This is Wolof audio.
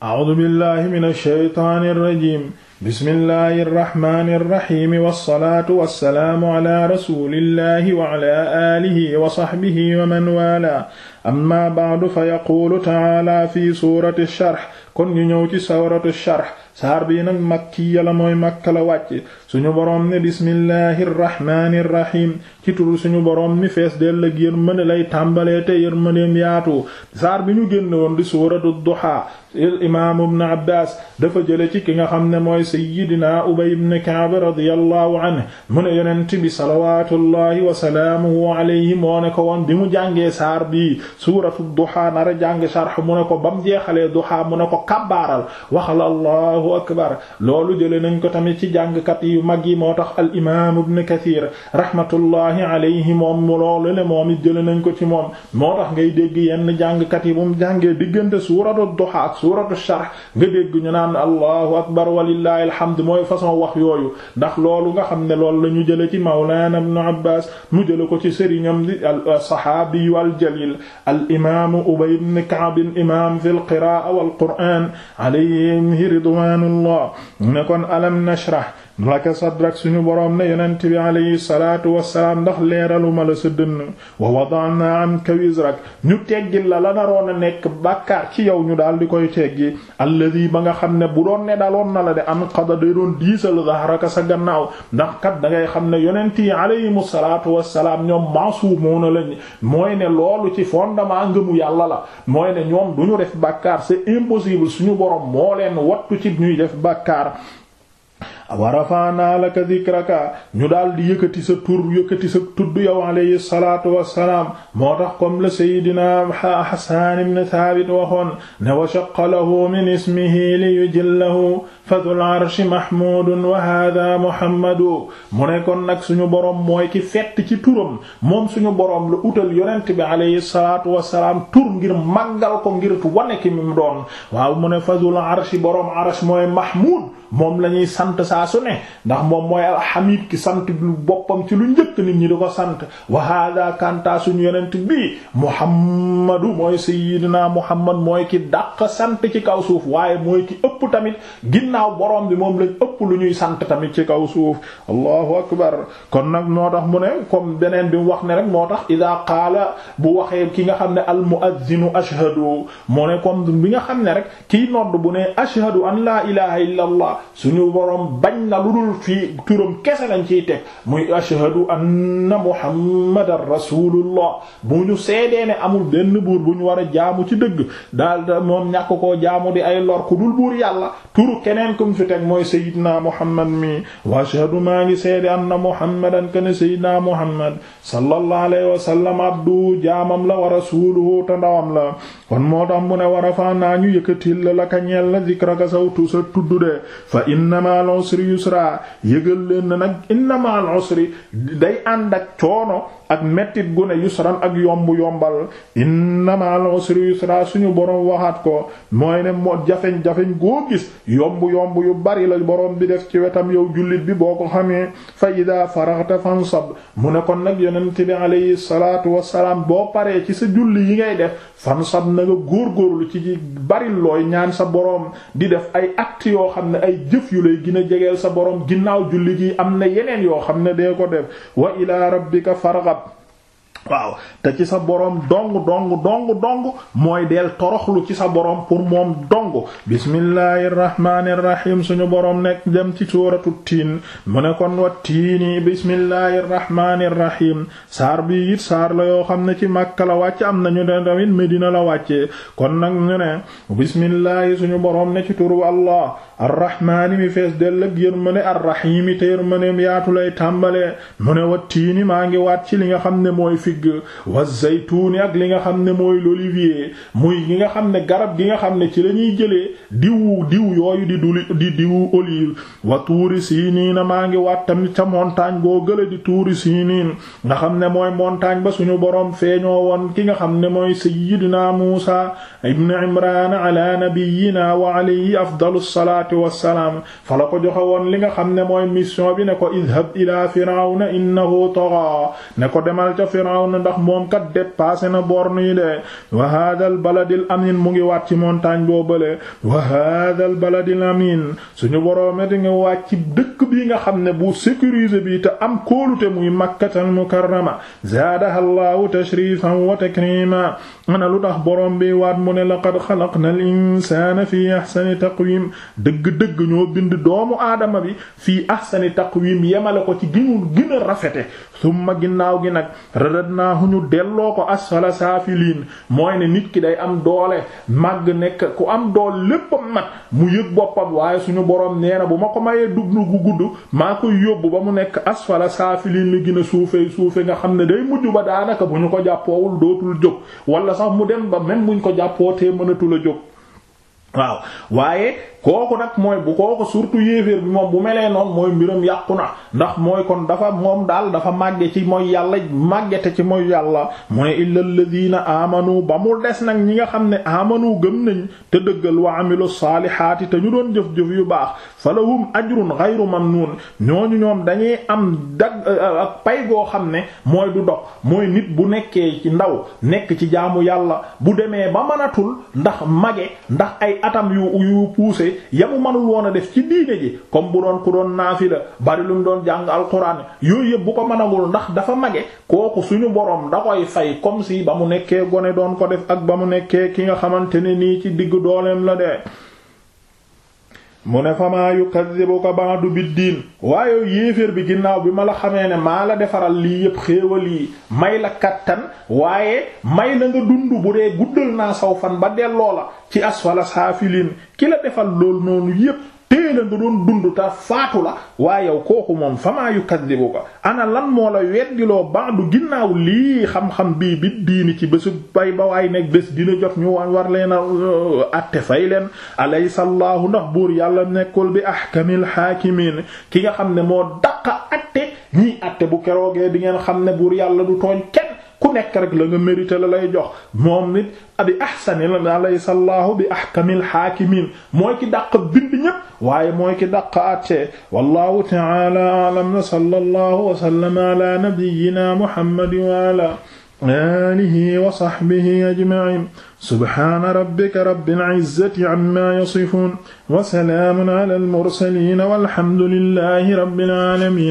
a'uudu billahi mina shaytaani rajiim bismillahi rahmaani rahiim wassalaatu wassalaamu ala rasuulillahi wa ala aalihi wa sahbihi wa man waalaa amma ba'du fa yaquulu ta'ala fi suurati sharh kon ñu ñëw ci suuratu sharh saar bii nag makkiya la mooy makka la ñu suñu boroom ne bismillahi rrahmaani rrahiim ci turu ñu boroom mi fees del la yërmande lay tàmbalee te yërmandeem yaatu saar bi ñu génn woon di suuratu duhaa il imaam ibn abbaas dafa jële ci ki nga xam ne mooy sayyidina ubay ibn ka'b radiyallahu anhu mu ne yonent bi salawaatullahi wa salaamuhu alayhi moo ne ko woon mu suuratu duha nara jàng sharx mu ne ko ba mu jeexalee duha mu ne ko kabbaaral waxal allahu akbar loolu jële nañ ko tamit ci jàngkat yu mag yi moo tax al imaam ibn kathir rahmatullahi alayhi moom loolu ne moom it jële nañ ko ci moom moo tax ngay dégg yenn jàngkat yi bu mu jàngee diggante suuratu duha ak suuratu sharx nga dégg ñu naan allahu akbar walillahi alhamd mooy façon wax yooyu ndax loolu nga xam ne loolu la ñu jële ci mawlana ibn abbas mu jële ko ci sëriñam di al sahabi wal jalil al imaamu ubay ibn kaab imaam fil qiraa wal qur'aan alayhi ridwaanullah ne kon alam nashrah naka sadrak suñu boroom ne yonent bi alayhi salaatu wassalaam ndax leeraluma la sa dënn wa wada'na anka wizrak ñu teggil la la naroon a nekk bàkkaar ci yow ñu daal di koy teggi alladi ba nga xam ne bu doon ne daloon na la de anqada day doon diisal zahraka sa gannaaw ndax kat dangay xam ne yonent yi alayhimu salaatu wassalaam ñoom moo maasuumuuna lañ mooy ne loolu ci fondement ngëmu yàlla la mooy ne ñoom du ñu def bàkkaar c'est impossible suñu boroom moo leen wattu ci ñuy def bàkkaar wa rafaanaa laka dikraka ñu daal di yëkkati sa tur yëkkati sa tudd yow alayhi salaatu wassalaam moo tax comme le Seydina Hasan ibn Thabit waxoon ne wa shaqqa lahu min ismihi li yujillahu fadul arshi mahmudun wa hada muhammadu mu ne kon nag suñu boroom mooy ki fett ci turam moom suñu boroom la utal yonent bi alayhi salaatu wassalaam tur ngir màggal ko ngir wane ki mu doon waaw mu ne fadul arshi boroom arsh mooy mahmud moom la ñuy sant saa su ne ndax moom mooy alxamid ki sant lu boppam ci lu njëkk nit ñi di ko sant wa hada kanta suñu yonent bi muhammadu mooy sayyidina muhammad mooy ki dàq sant ci kaw suuf waaye mooy ki ëpp tamit ginnaaw borom bi moom lañ ëpp lu ñuy sant tamit ci kaw suuf allahu akbar kon nag moo tax mu ne comme beneen bi wax ne rek moo tax ida qaala bu waxee ki nga xam ne al muazzinu ashhadu moo ne comme bi nga xam ne rek kiy nodd bu ne ashhadu an la ilaha illa allah suñu borom bañ na lu dul fii turam kese lañ ciy teg muy ashhadu anna muhammadan rasulullah bu ñu seedee ne amul benn buur bu ñu war a jaamu ci dëgg daal da moom ñàkk koo jaamu di ay lor ku buur yàlla turu keneen kum fi teg mooy sayyidina muhammad mi wa ashhadu maa ngi seede anna muhammadan kana sayyidina muhammad sallallahu alayhi wa sallam abdu jaamam la wa rasuluhu ta ndawam la kon moo tax mu ne war a faa naa ñu yëkkatil la la ka ñeel la zikraka sawtu sa tudd fa inna ma'al usri yusra yëgal leen na nag inna ma'al usri day ànd ak coono ak mettit gu ne yusran ak yomb yombal inna ma'al usri yusra suñu borom waxaat ko mooy ne moo jafeñ jafeñ goo gis yomb yomb yu bari la borom bi def ci wetam yow jullit bi boo ko xamee fa ida faraghta fansab mu ne kon nag yonent bi alayhi salaatu wassalaam boo paree ci sa julli yi ngay def fansab na nga góorgóorlu ci bari looy ñaan sa borom di def ay actes yoo xam ne ay ay jëf yu lay gën a jegeel sa borom ginnaaw julli gi am na yeneen yoo xam ne dee ko def wa ila rabbika farghab waaw te ci sa boroom dong dong dong dong mooy del toroxlu ci sa boroom pour moom dong bismillahir rahmanir rahim suñu boroom nekk dem ci suuratu tiin mu ne kon wa tiini bismillahir rahmanir rahim saar bi it saar la yoo xam ne ci Makka la wàcc am nañu ne tamit dina la wàccee kon nag ñu ne bismillahi suñu boroom ne ci turu Allah arrahmaani mi fees dell ak yërmande arrahimi te yërmandeem yaatu lay tàmbalee mu ne wa tiini maa ngi waat ci li nga xam figue wa nga xam ne mooy l'olivier muy gi nga xam ne garab gi nga xam ne ci la ñuy jëlee diwu diw yooyu di duli di diwu olive wa tuuri siiniina maa ngi waat tamit ca montagne goo gële di tuuri siiniin nga xam ne mooy montagne ba suñu boroom feeñoo woon ki nga xam ne mooy sayyidina Muusa ibn Imraan ala nabiyyina wa alayhi afdalu salaati wassalaam fa la ko joxe woon li nga xam ne mooy mission bi ne ko idhab ila firawna innahu tagha Firawna ndax moom kat dépassé na borne yi de wa haadal baladil amin mu ngi waat ci montagne boobale wa haadal baladil amin suñu boroom di nga waat ci dëkk bii nga xam ne bu sécurisé bi te am kóolute muy makkatal mukarrama zaadaha llahu tashrifan wa takrima ana lu tax boroom bi wat mu ne la laqad xalaqna na insana fii ahsani taqwim dëgg-dëgg ñoo bind doomu aadama bi fii ahsani taqwim yemale ko ci ginu gën a rafete summa ginnaaw gi nag radadnaahu ñu delloo ko asfala saafiliin mooy ne nit ki day am doole màgg nekk ku am dool lépp mat mu yëg boppam waaye suñu borom nee na bu ma ko mayee dugg gu gudd maa koy yóbbu ba mu nekk asfala saafiliin li gën a suufee suufe nga xam ne day mujj ba daanaka bu ñu ko jàppoowul dootul jóg wala sax mu dem ba même buñ ko jàppoo te mënatul a jóg waaw waaye kooku nag mooy bu kooku surtout yéeféer bi moom bu melee noonu mooy mbiram yàqu na ndax mooy kon dafa moom daal dafa màgge ci mooy yàlla màggete ci mooy yàlla mu ne illa alladina amanu ba mu des nag ñi nga xam ne amanu gëm nañ te dëggal wa amilu saalihaati te ñu doon jëf-jëf yu baax falahum ajrun ghayru mamnun ñooñu ñoom dañuy am dag euh, pay goo xam ne mooy du dox mooy nit bu nekkee ci ndaw nekk ci jaamu yàlla bu demee ba mënatul ndax mage ndax ay atam yu yu poussé yamu manul woon a def ci diine ji comme bu doon ku doon naafila bari lu doon jàng alxuraan yooyu yëpp bu ko mënagul ndax dafa mage kooku suñu borom da koy fay comme si ba mu nekkee gone doon ko def ak ba mu nekkee ki nga xamante ne nii ci diggu dooleem la dee mu ne ko famaa yukadibuka ba'du biddiin waaye yéeféer bi ginnaaw bi ma la xamee ne maa la defaral lii yépp xéewal yi may la kattan waaye may la nga dund bu dee guddal naa saw fan ba delloo la ci asfala saafiliin ki la defal lool noonu yépp dee la nga doon dund ta faatu la waaye kooku moom famaa yukadibuka ana lan moo la weddiloo baadu ginnaaw lii xam-xam bi bi diini ci bésu bay ba waay nekk bés dina jot ñu war leen a euh, atte fay leen alaysa allahu ndax buur yàlla nekkul bi ahkamil haakimiin ki nga xam ne moo daqa atte ñii atte bu keroogee di xam ne buur yàlla du tooñ kenn ku nekk rek la nga mérité la lay jox moom nit abi ahsanil alaysa allahu bi ahkamil hakimin mooy ki dàq bind ñépp waaye mooy ki dàq àtte wallahu ta'ala a'lam wa sallallahu wa sallama ala nabiyyina muhammadin wa ala alihi wa sahbihi ajma'in subhana rabbika rabbil izzati amma yasifun wa salamun ala al mursalin walhamdulillahi rabbil alamin